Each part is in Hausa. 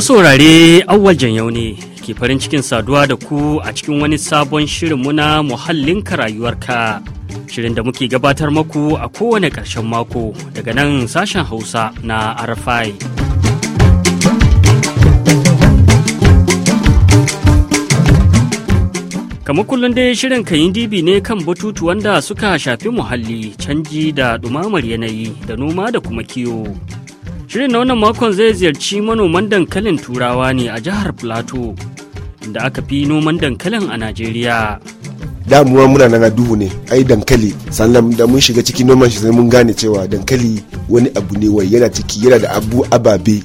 saurare wurare awwal yau ne ke farin cikin saduwa da ku a cikin wani sabon shirin muna muhallinka rayuwarka. Shirin da muke gabatar maku a kowane ƙarshen mako daga nan sashen Hausa na RFI. kamar kullum dai shirin yin dibi ne kan batutu wanda suka shafi muhalli canji da ɗumamar yanayi da noma da kuma kiwo Shirin na wannan makon zai ziyarci manoman dankalin turawa ne a jihar Plateau, da aka fi noman dankalin a Najeriya. damuwa muna nan duhu ne ai dankali sannan da mun shiga ciki noman shi sai mun gane cewa dankali wani abu ne wai yana ciki yana da abu ababe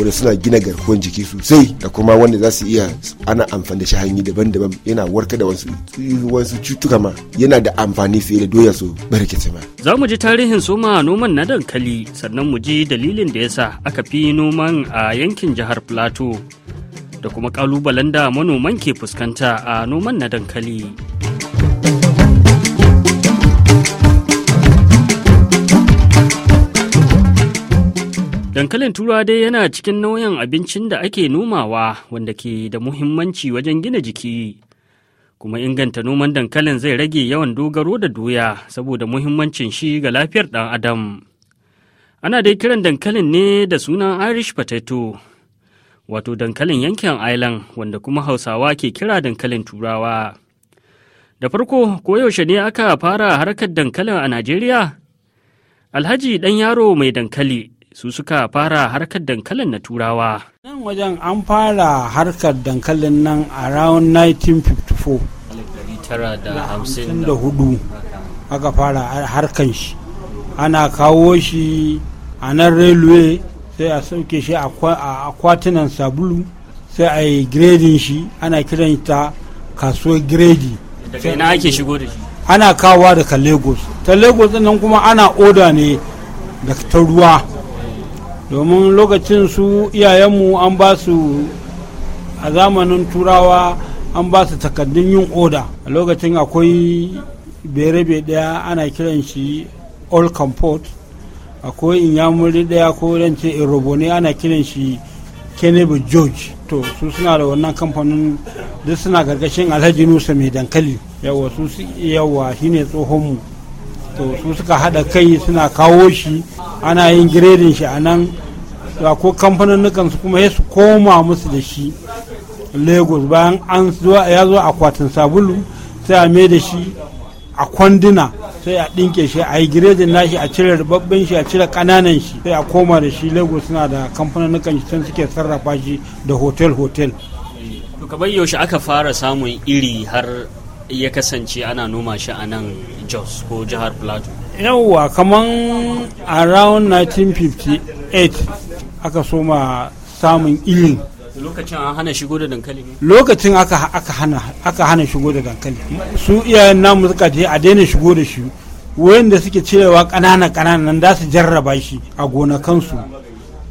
wanda suna gina garkuwar jiki sosai da kuma wanda za su iya ana amfani da shi hanyoyi daban-daban yana warka da wasu wasu cutuka ma yana da amfani fiye da doya su barkete ma. Za mu ji tarihin soma noman na dankali sannan mu ji dalilin da yasa aka fi noman a yankin jihar Plateau da kuma kalubalen da manoman ke fuskanta a noman na dankali. Dankalin Turawa dai yana cikin nau'in abincin da ake nomawa wanda ke da muhimmanci wajen gina jiki. Kuma inganta noman dankalin zai rage yawan dogaro da doya saboda muhimmancin shi ga lafiyar ɗan adam. Ana dai kiran dankalin ne da sunan Irish potato, wato dankalin yankin Ireland wanda kuma Hausawa ke kira dankalin Turawa. Da farko koyaushe ne aka fara harkar dankalin a Najeriya? Alhaji ɗan yaro mai dankali su suka fara harkar dankalin na turawa. Nan wajen an fara harkar dankalin nan a round 1954. hudu aka fara harkar shi. Ana kawo shi a nan railway sai a sauke shi a akwatunan sabulu sai a yi gredin shi ana kiran ta kasuwar gredi. ana kawowa daga lagos ta lagos nan kuma ana oda ne daga ta ruwa domin lokacin su iyayenmu an ba su a zamanin turawa an ba su takardun yin oda a lokacin akwai berebe daya ana kiran shi all comfort akwai inyamuri daya ko ce irobone ana kiran shi kenebe george to su suna da wannan kamfanin duk suna gargashin alhaji nusa mai dankali yawa su yawa shine tsohonmu to su suka haɗa kai suna kawo shi ana yin giredin shi a nan ko kamfanin su kuma su koma musu da shi lagos bayan an ya zo akwatin sabulu sai a mai da shi a kwanduna sai a ɗinke shi a yi giredin nashi a cire rubabben shi a cire kananan shi sai a koma da shi lagos suna da kamfanin shi can suke sarrafa shi da hotel hotel to kamar yaushe aka fara samun iri har ya kasance ana noma shi a nan jos ko jihar plateau yauwa kaman around 1958 aka soma samun ilin lokacin an hana shigo da dankali ne lokacin aka hana aka hana shigo da dankali su iyayen namu suka je a daina shigo da shi wayanda suke cirewa ƙanana ƙananan nan za su jarraba shi a gonakansu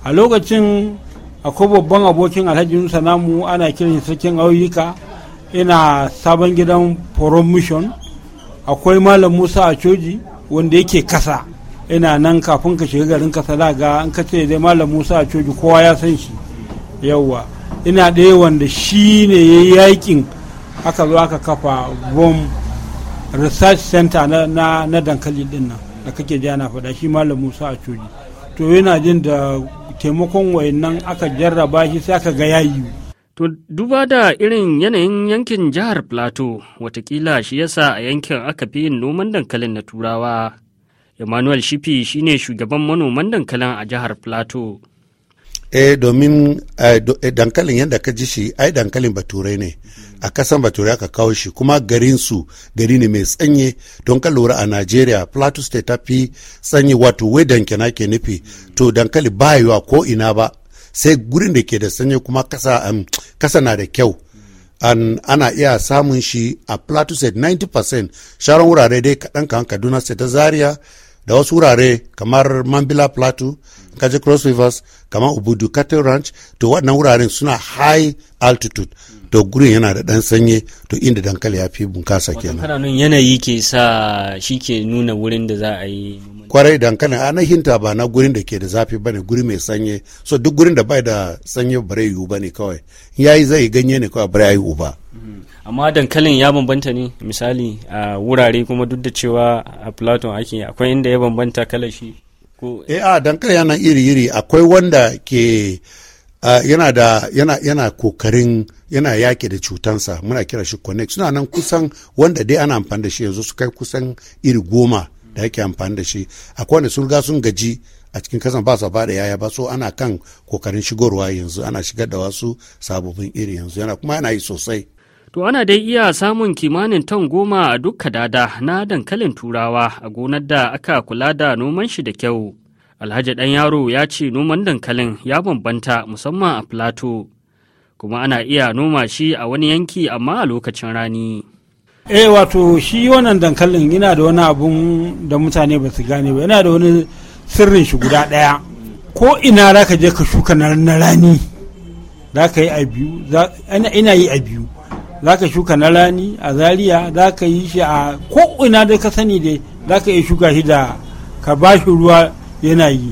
a lokacin akwai babban abokin alhaji musa namu ana kiran sarkin auyuka ina sabon gidan promotion akwai malam musa a coji wanda yake kasa ina nan kafin ka shiga garin kasa da ga an ka ce dai malam musa a coji kowa ya san shi yawwa ina ɗaya wanda shi ne ya yi yakin aka zo aka kafa bom research center na, na, na dankali din nan da kake ji ana faɗa shi malam musa a coji to yana jin da taimakon wayannan aka jarraba shi sai aka ga yayi To duba da irin yanayin yankin jihar Plateau watakila shi yasa a yankin aka fi yin noman dankalin na turawa. Emmanuel Shifi shine shugaban manoman dankalin a jihar Plateau. Eh domin eh, eh, dankalin yadda ka ji shi ai dankalin baturai ne a kasan baturai aka kawo shi kuma garin su gari ne mai tsanye don ka lura a Najeriya Plateau state ta fi tsanye wato wai dankina ke nufi to dankali ba yiwa ko ina ba sai gurin da ke da sanyi kuma um, kasa, na da kyau an ana iya samun shi a plateau state 90% sharon wurare dai kaɗan kan kaduna state ta zaria da wasu wurare kamar mambila plateau kaji cross rivers kamar ubudu cattle ranch to waɗannan wuraren suna high altitude to gurin yana da ɗan sanyi to inda dankali ya fi bunkasa kenan kana nan yanayi ke sa shi ke nuna wurin da za a yi kwarai dankali hinta ba na gurin da ke da zafi bane guri mai sanyi so duk gurin da bai da sanyi bare yiwu bane kawai yayi zai ganye ne kawai bare yiwu ba mm-hmm. amma dankalin ya bambanta ne misali a wurare kuma duk da cewa a platon ake akwai inda ya bambanta kala shi ko eh a dankali yana iri iri akwai wanda ke Ah, yana da yana yana kokarin yana yaƙi da cutansa muna kira shi connect suna nan kusan wanda dai ana amfani da shi yanzu su kai kusan iri goma da yake amfani da shi akwai wanda sun ga sun gaji a cikin kasan ba su da yaya ba so ana kan kokarin shigarwa yanzu ana shigar da wasu sababbin iri yanzu yana kuma yana yi sosai To ana dai iya samun kimanin ton goma a dukka dada na dankalin turawa a gonar da aka kula da noman shi da kyau. Alhaji ɗan yaro ya ce noman dankalin ya bambanta musamman a Plateau, kuma ana iya noma shi a wani yanki amma a lokacin rani. Eh wato shi wannan dankalin yana da wani abun da mutane ba su gane ba yana da wani sirrin shi guda ɗaya. Ko ina za ka je ka shuka na rani za ka yi a biyu, ina yi a biyu. za ka shuka na rani a zaria za ka yi shi a ina dai ka sani dai za ka iya shuka shi da ka ba shi ruwa yana yi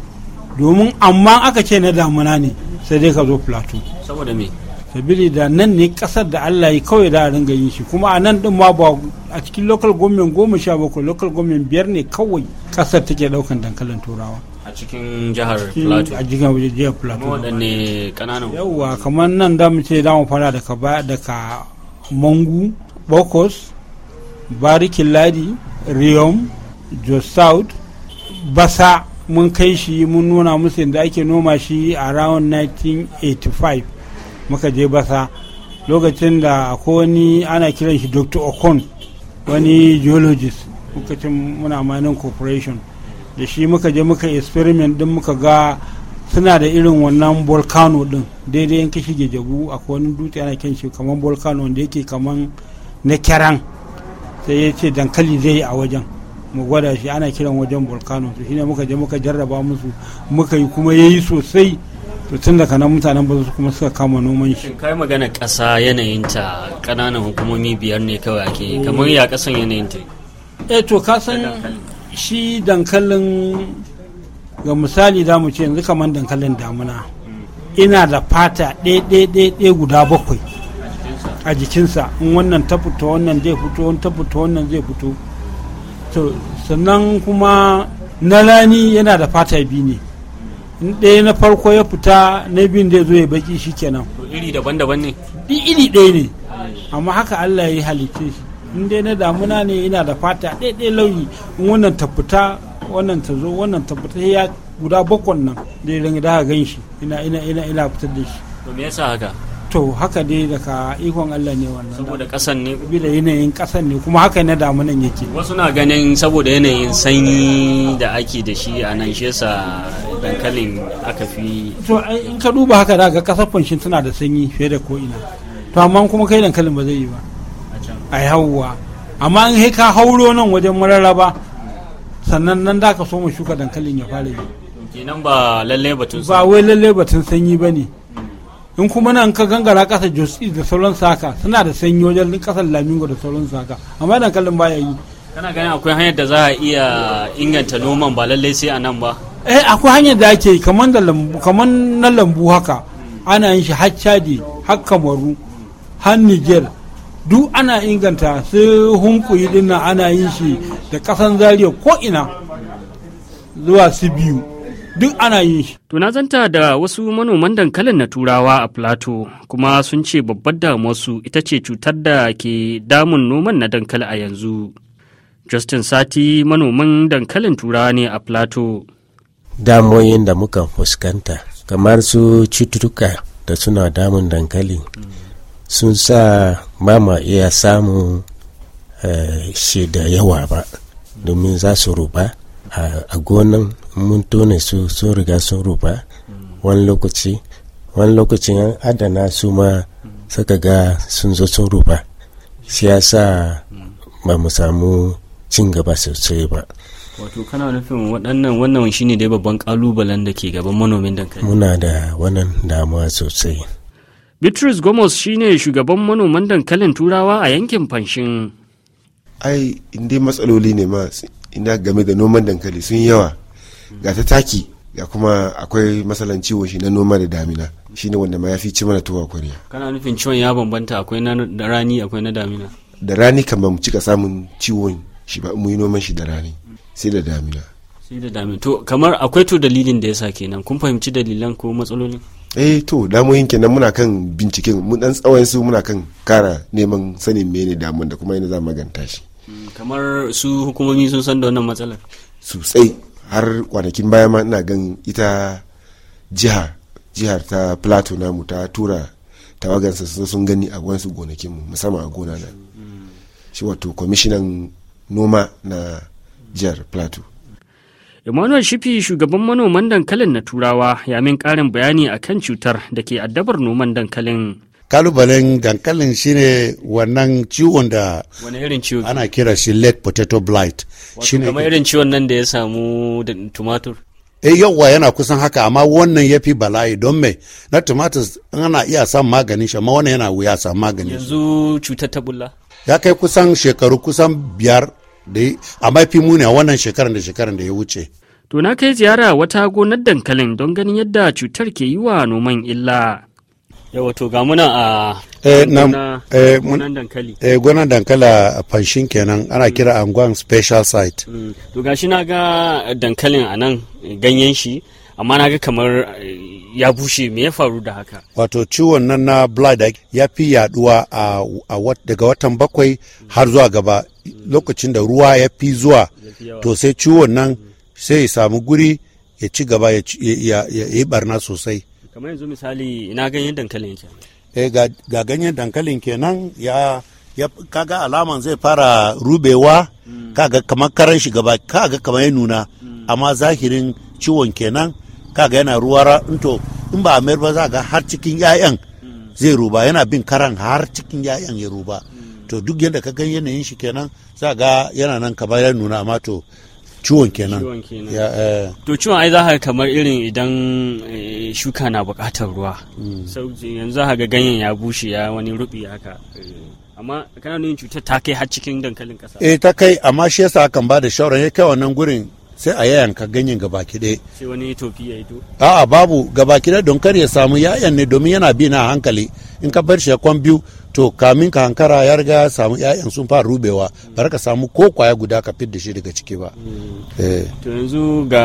domin amma aka ce na damuna ne sai dai ka zo plateau saboda me sabili da nan ne kasar da Allah ya kawai da ringa yin shi kuma a nan din ma ba a cikin local government goma sha bakwai local government biyar ne kawai kasar take daukan dankalin turawa a cikin jihar plateau a cikin jihar plateau waɗanne kananan yawwa kamar nan da mu ce da mu fara daga baya daga mangu bokos barikin ladi riyom jos south basa mun kai shi mun nuna musu yadda ake noma shi a round 1985 muka je basa lokacin da ko wani ana kiran shi dr okon wani geologist lokacin muna mining corporation da shi muka je muka experiment din muka ga suna da irin wannan volcano din daidai yanka shige jabu a wani dutse ana kyan shi kamar volcano da yake kamar na kyaran sai ya ce dankali zai yi a wajen mu gwada shi ana kiran wajen volcano to shine muka je muka jarraba musu muka yi kuma yayi sosai to tun daga nan mutanen ba su kuma suka kama noman shi kai magana ƙasa yanayinta ƙananan hukumomi biyar ne kawai ake kamar ya ƙasan ta eh to ka san shi dankalin ga misali za mu ce yanzu kamar dankalin damuna ina da fata ɗaya guda bakwai a jikinsa in wannan ta fito wannan zai fito wannan ta fito wannan zai fito to sannan kuma na rani yana da fata biyu ne ɗaya na farko ya fita na biyun da ya zo ya baki shi kenan iri daban-daban ne Bi iri ɗaya ne amma haka allah ya halitta shi in dai na damuna ne yana da fata ɗaya lauyi in wannan ta fita wannan ta zo wannan ta fita ya guda bakon nan da ya da ganshi ina ina ina ina fitar da shi to me yasa haka to haka dai daga ikon Allah ne wannan saboda kasan ne da yanayin kasan ne kuma haka ne da munan yake wasu na ganin saboda yanayin sanyi da ake da shi a nan shesa dankalin aka fi to in ka duba haka daga kasar fanshin tana da sanyi fiye da ko ina to amma kuma kai dankalin ba zai yi ba a yawwa amma in kai ka hauro nan wajen mararraba sannan nan da ka so mu shuka dankalin ya fara yi kenan ba lalle batun ba wai lalle batun sanyi ba ne in kuma nan ka gangara kasa josi da sauran saka suna da sanyi wajen kasar lamingo da sauran saka amma dankalin baya yi kana ganin akwai hanyar da za a iya inganta noman ba lallai sai a nan ba eh akwai hanyar da ake kaman da lambu kaman na lambu haka ana yin shi har chadi har kamaru har niger duk ana inganta su hunkuyi dinnan ana yin shi da kasan zariya ko ina zuwa su biyu duk ana yi. na zanta da wasu manoman dankalin na turawa a Plato kuma sun ce babbar damuwarsu ita ce cutar da ke damun noman na dankali a yanzu. Justin Sati manoman dankalin turawa ne a Plato. Damoyin da muka fuskanta kamar su cututtuka da suna damun dankali sun sa ba ma iya samun eh, shi da yawa ba domin za su ruba. a gonan mun tone su sun riga sun ruba wani lokaci wani lokacin an adana su ma suka ga sun zo sun ruba shi ya sa ba mu samu cin gaba sosai ba wato kana nufin waɗannan wannan shine dai babban kalubalen da ke gaban manomin dankali muna da wannan damuwa sosai bitrus gomos shine shugaban manoman dankalin turawa a yankin fanshin ai inda matsaloli ne ma inda game da noman dankali sun yawa ga ta taki ga kuma akwai matsalan ciwo shi na noma da damina shine wanda ma ya fi ci mana tuwa kwariya kana nufin ciwon ya bambanta akwai na rani akwai na damina da rani kan ba mu cika samun ciwon shi ba mu yi noman shi da rani sai da damina sai da damina to kamar akwai to dalilin da ya sa kenan kun fahimci dalilan ko matsalolin eh to damoyin kenan muna kan binciken mu dan tsawon su muna kan kara neman sanin mene damun da kuma yadda za mu maganta shi Mm, kamar su hukumomi sun san da wannan matsalar sosai har kwanakin baya ma ina gan ita jiha jihar ta plateau namu ta tura tawagansa sun gani a wasu gonakin mu musamman a gona na mm. shi wato kwamishinan noma na jihar plateau Emmanuel Shifi shugaban manoman dankalin na Turawa ya min karin bayani akan cutar da ke addabar noman dankalin. kalubalen dankalin shine wannan ciwon da ana kira shi late potato blight shine kamar irin ciwon nan da ya samu da tumatur eh yawa yana kusan haka amma wannan ya fi bala'i don me na tumatur ana iya samun maganin shi amma wannan yana wuya samun maganin yanzu cutar ta bulla ya kai kusan shekaru kusan biyar da amma fi muni a wannan shekaran da shekaran da ya wuce to na kai ziyara wata gonar dankalin don ganin yadda cutar ke yi wa noman illa yawa to ga muna a eh, eh, gonan dankali eh, dankali a fanshin kenan ana mm. kira anguwan special site mm. to gashi na ga dankalin a nan ganyen shi amma na ga kamar ya bushe me ya faru da haka wato ciwon nan na blood ya fi yaduwa daga watan bakwai har zuwa gaba mm. lokacin da ruwa ya fi zuwa to sai ciwon nan sai ya samu guri ya ci gaba ya yi barna sosai kamar yanzu misali ina ganyen dankalin yake eh ga ganyen dankalin kenan ya ya kaga alaman zai fara rubewa mm. kaga kamar karan shiga gaba kaga kamar ya nuna mm. amma zahirin ciwon kenan kaga yana ruwa to in ba a mayar ba za ga har cikin 'ya'yan mm. zai ruba yana bin karan har cikin 'ya'yan ya ruba to duk yadda ka gan yanayin shi kenan za ga yana nan kamar ya nuna amma to ciwon kenan eh. to ciwon ai za ka kamar irin idan eh, shuka na bukatar ruwa hmm. yanzu za ga ganyen ya bushe ya wani rubi haka eh, amma kana nuna cutar ta kai har cikin dankalin kasa eh ta kai amma shi yasa akan ba da shawara ya kai wannan gurin sai a yayanka ganyen gaba dai sai wani tofi ya yi a'a babu gaba dai don kar ya samu ya'yan ne domin yana bi na hankali in ka bar shi ya kwan biyu to kamin ka hankara ya riga samu 'ya'yan sun fara rubewa ba ka samu ko kwaya guda ka fidda shi daga ciki ba mm. eh. to yanzu ga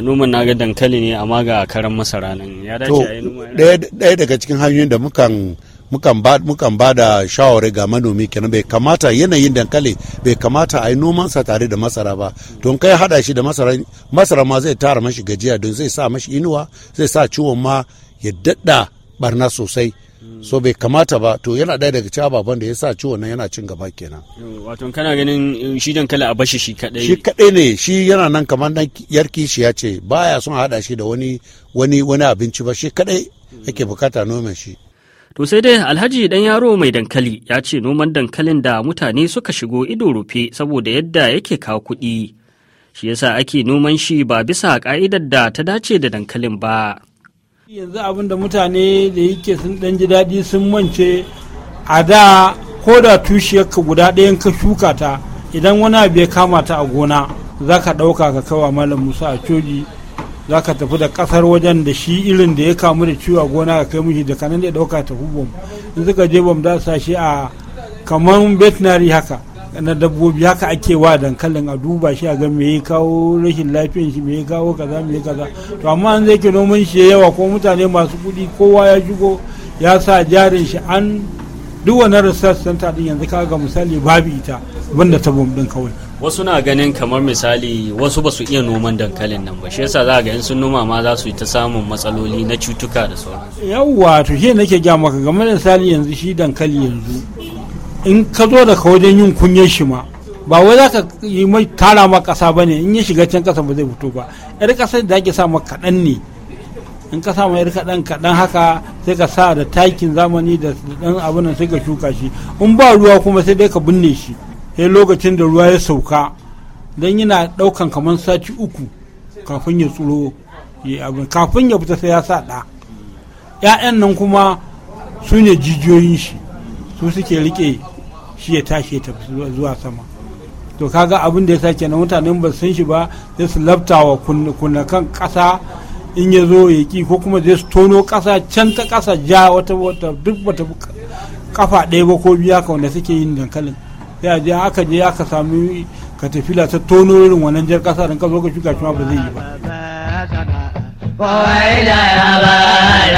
noman naga dankali ne amma ga karan masara nan ya dace a ɗaya daga cikin hanyoyin da mukan mukan ba da shawarar ga manomi kenan bai kamata yanayin dankali bai kamata a yi noman sa tare da masara ba don kai hada shi da masara masara ma zai tara mashi gajiya don zai sa mashi inuwa zai sa ciwon ma ya dadda barna sosai so bai kamata ba to yana ɗaya daga cewa baban da ya sa ciwon nan yana cin gaba kenan wato kana ganin eh, shi dankali a bashi shi kadai shi kadai ne shi yana nan kamar dan yarki shi ya ce baya son haɗa shi da wani wani wani abinci ba shi kadai yake bukata noman shi To sai dai Alhaji dan yaro mai dankali ya ce noman dankalin da mutane suka shigo ido rufe saboda yadda yake kawo kuɗi. Shi yasa ake noman shi ba bisa ka'idar da ta dace da dankalin ba. yanzu abin da mutane da yake sun dan ji daɗi sun mance a da ko da tushiyarka guda ɗayan ka shuka ta idan wani abu ya kama ta a gona za ka ɗauka ka kawa malam musa a coji za ka tafi da ƙasar wajen da shi irin da ya kamu da ciwo a gona ka kai mishi da kanan da ya ɗauka ta hubom in suka je bom da sa a kamar betnari haka na dabbobi haka ake wa dankalin a duba shi a ga me ya kawo rashin lafiyan shi me ya kawo kaza me ya kaza to amma an zai ke noman shi yawa ko mutane masu kuɗi kowa ya shigo ya sa jarin shi an duk wani research center din yanzu ka ga misali babu ita banda ta din kawai wasu na ganin kamar misali wasu ba su iya noman dankalin nan ba shi yasa za ga in sun noma ma za su yi ta samun matsaloli na cutuka da sauran yawwa to shi nake gya maka game da misali yanzu shi dankali yanzu in ka zo daga wajen yin kunyar shi ma ba wai za ka yi mai tara ma ƙasa ba ne in ya shiga can kasa ba zai fito ba yar ƙasar da ake sa ma kaɗan ne in ka sa ma yar kaɗan kaɗan haka sai ka sa da takin zamani da ɗan abin sai ka shuka shi in ba ruwa kuma sai dai ka binne shi sai lokacin da ruwa ya sauka don yana ɗaukan kamar sati uku kafin ya tsuro kafin ya fita sai ya sa ɗa ‘ya'yan nan kuma su ne jijiyoyin shi su suke rike shi ya tashi ya tafi zuwa sama to kaga abin da ya sa kenan mutane ba san shi ba zai su wa kunna kan ƙasa in ya zo ya ki ko kuma zai su tono ƙasa can ta ƙasa ja wata wata duk bata kafa ɗaya ba ko biya ka wanda suke yin dankalin sai a je aka je aka sami la ta tono irin wannan jar ƙasa don ka zo ka shuka shi ma ba zai yi ba. I love you, I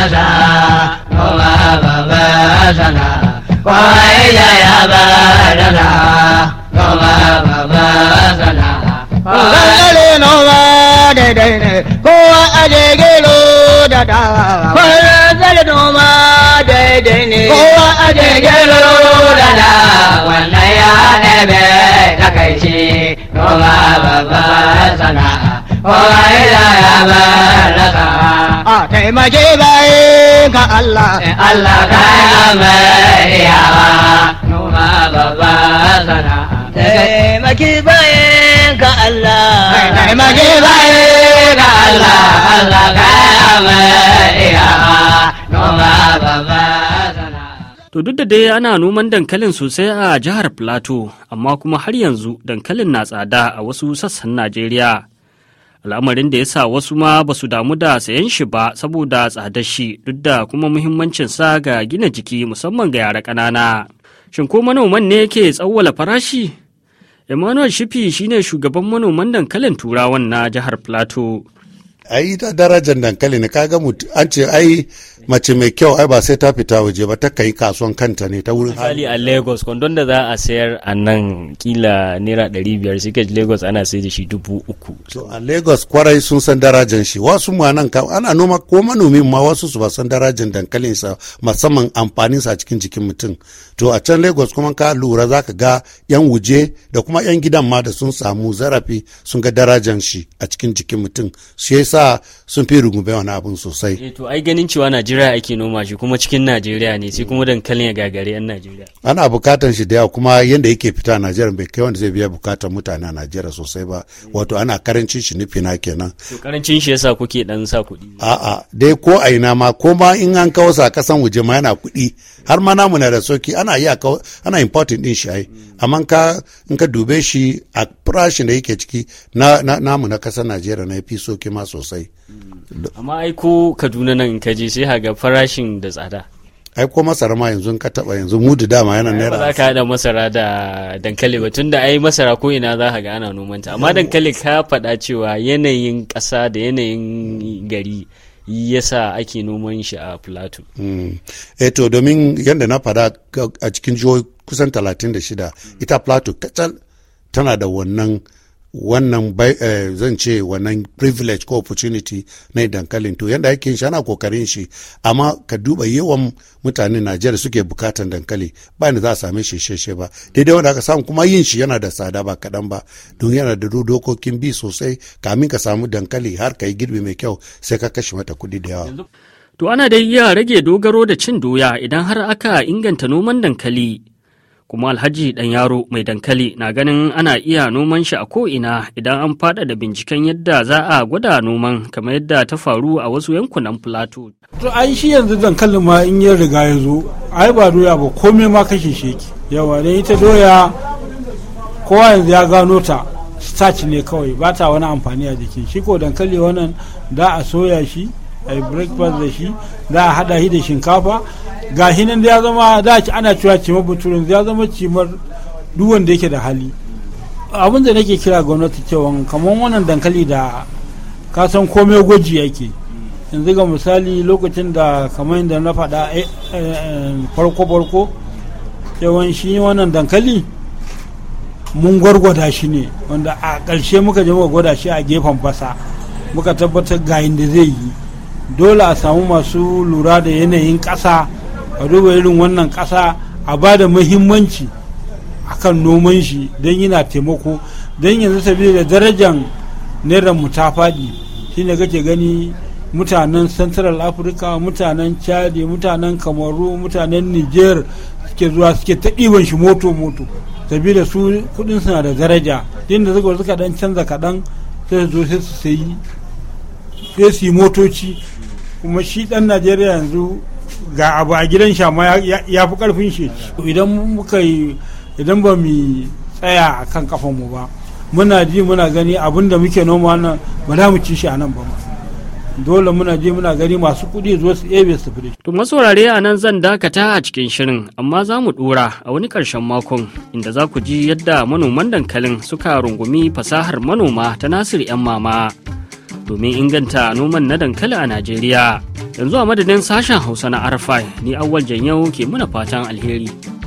love you, I love you, Vajaya Vadana Goma Vavasana Vangale Nova Dedene Koa Adegelo Dada Vangale Nova Dedene Koa Adegelo da. Wanaya Nebe Takaichi Goma Vavasana komai ah, da ya mallaka a taimake bayan ka Allah in Allah ka ya mallaka noma babba sana'a taimake bayan ka Allah taimake bayan ka Allah Allah ka ya mallaka noma babba To duk da dai ana noman dankalin sosai a jihar Plateau, amma kuma har yanzu dankalin na tsada a wasu sassan Najeriya. al'amarin da ya sa wasu ma ba su damu da sayan shi ba saboda tsadar shi duk da kuma muhimmancin sa ga gina jiki musamman ga yara ƙanana. Shin ko manoman ne ke tsawwala farashi? Emmanuel Shifi shine shugaban manoman dankalin turawan na jihar Plateau. Ai ta darajar dankali ne kaga an ce ai mace mai kyau ai ba sai ta fita waje ba ta kai kasuwan kanta ne ta wurin hali a lagos kwandon da za a sayar a nan kila naira ɗari biyar sai lagos ana sai da shi dubu uku to a lagos kwarai sun san darajan shi wasu mu anan kam ana noma ko manomin ma wasu su ba san darajan dankalin sa musamman amfanin sa cikin jikin mutum to a can lagos kuma ka lura za ka ga yan wuje da kuma yan gidan ma da sun samu zarafi sun ga darajan shi a cikin jikin mutum shi sa sun fi rungume wani abun sosai E, to ai ganin cewa najeriya ake noma shi kuma cikin najeriya ne sai kuma dankalin ya gagare yan najeriya ana bukatan shi da yawa kuma yanda yake fita a najeriya bai kai wanda zai biya bukatan mutane a najeriya sosai ba mm. wato ana karancin shi na kenan to karancin shi yasa kuke dan sa kuɗi a'a dai ko a ina ma ko ma in an kawo sa kasan wuje ma yana kuɗi har ma namu na da soki ana iya ana importing din shi amma ka in ka dube shi a farashin da yake ciki na namu na kasar Najeriya na fi ke ma sosai amma ai ko Kaduna nan ka je sai haga farashin da tsada ai ko masara ma yanzu ka taba yanzu mudu dama yana naira ba za ka hada masara da dankali ba tunda ai masara ko ina za ka ga ana noman ta amma dankali ka faɗa cewa yanayin ƙasa da yanayin gari ya sa ake noman shi a plateau hmm. eto eh, domin yadda na fada a cikin jihohi kusan 36 ita plateau kacal tana da wannan wannan eh, zan ce wannan privilege ko opportunity na dankalin to yadda ake shi ana kokarin shi amma ka duba yawan mutanen najeriya suke bukatan dankali ba ni za a same shi sheshe ba daidai wanda aka samu kuma yin shi yana da tsada ba kaɗan ba don yana da dokokin bi sosai kamin ka samu dankali har ka yi girbi mai kyau sai ka kashe mata kuɗi da yawa. to ana da iya rage dogaro da cin doya idan har aka inganta noman dankali kuma alhaji dan yaro mai dankali na ganin ana iya noman shi a ko'ina idan an da binciken yadda za a gwada noman kamar yadda ta faru a wasu yankunan plateau. to ai shi yanzu dankalin ma in ya riga ya zo ai ba doya ba komai ma kashe shi yawa ne ita doya kowa yanzu ya gano ta starch ne kawai ba ta wani amfani a jikin shi ko dankali wannan da a soya shi a breakfast da shi za a hada shi da shinkafa ga da ya zama da ci ana cewa cimar buturin ya zama cimar duwan da yake da hali abin da nake kira gwamnati cewa kamar wannan dankali da ka san komai gwaji yake yanzu ga misali lokacin da kamar da na faɗa eh, eh, farko farko cewa shi wannan dankali mun gwargwada shi ne wanda a ƙarshe muka je muka gwada shi a gefen fasa muka tabbatar ga da zai yi dole a samu masu lura da yanayin ƙasa a duba irin wannan kasa a ba da muhimmanci akan noman shi don yana taimako don yanzu sabida da darajan naira mu ta faɗi shi ne kake gani mutanen central africa mutanen chadi mutanen kamaru mutanen niger suke zuwa suke ta ɗiban shi moto-moto sabida su kudin suna da daraja din da zuwa suka dan canza kaɗan sai zo sai su sai su yi motoci kuma shi ɗan najeriya yanzu ga abu a gidan shi ma ya fi karfin shi idan muka yi idan ba mu tsaya a kan kafanmu ba muna ji muna gani abin da muke noma nan ba za mu ci shi a nan ba dole muna je muna gani masu kuɗi zuwa su ebe su fi To masaurare a nan zan dakata a cikin shirin amma za mu ɗora a wani ƙarshen makon inda za ku ji yadda manoman dankalin suka rungumi fasahar manoma ta Nasiru 'yan mama. domin inganta noman na dankali a Najeriya. Yanzu a madadin sashen Hausa na Arfai, ni awal Janyau ke muna fatan alheri.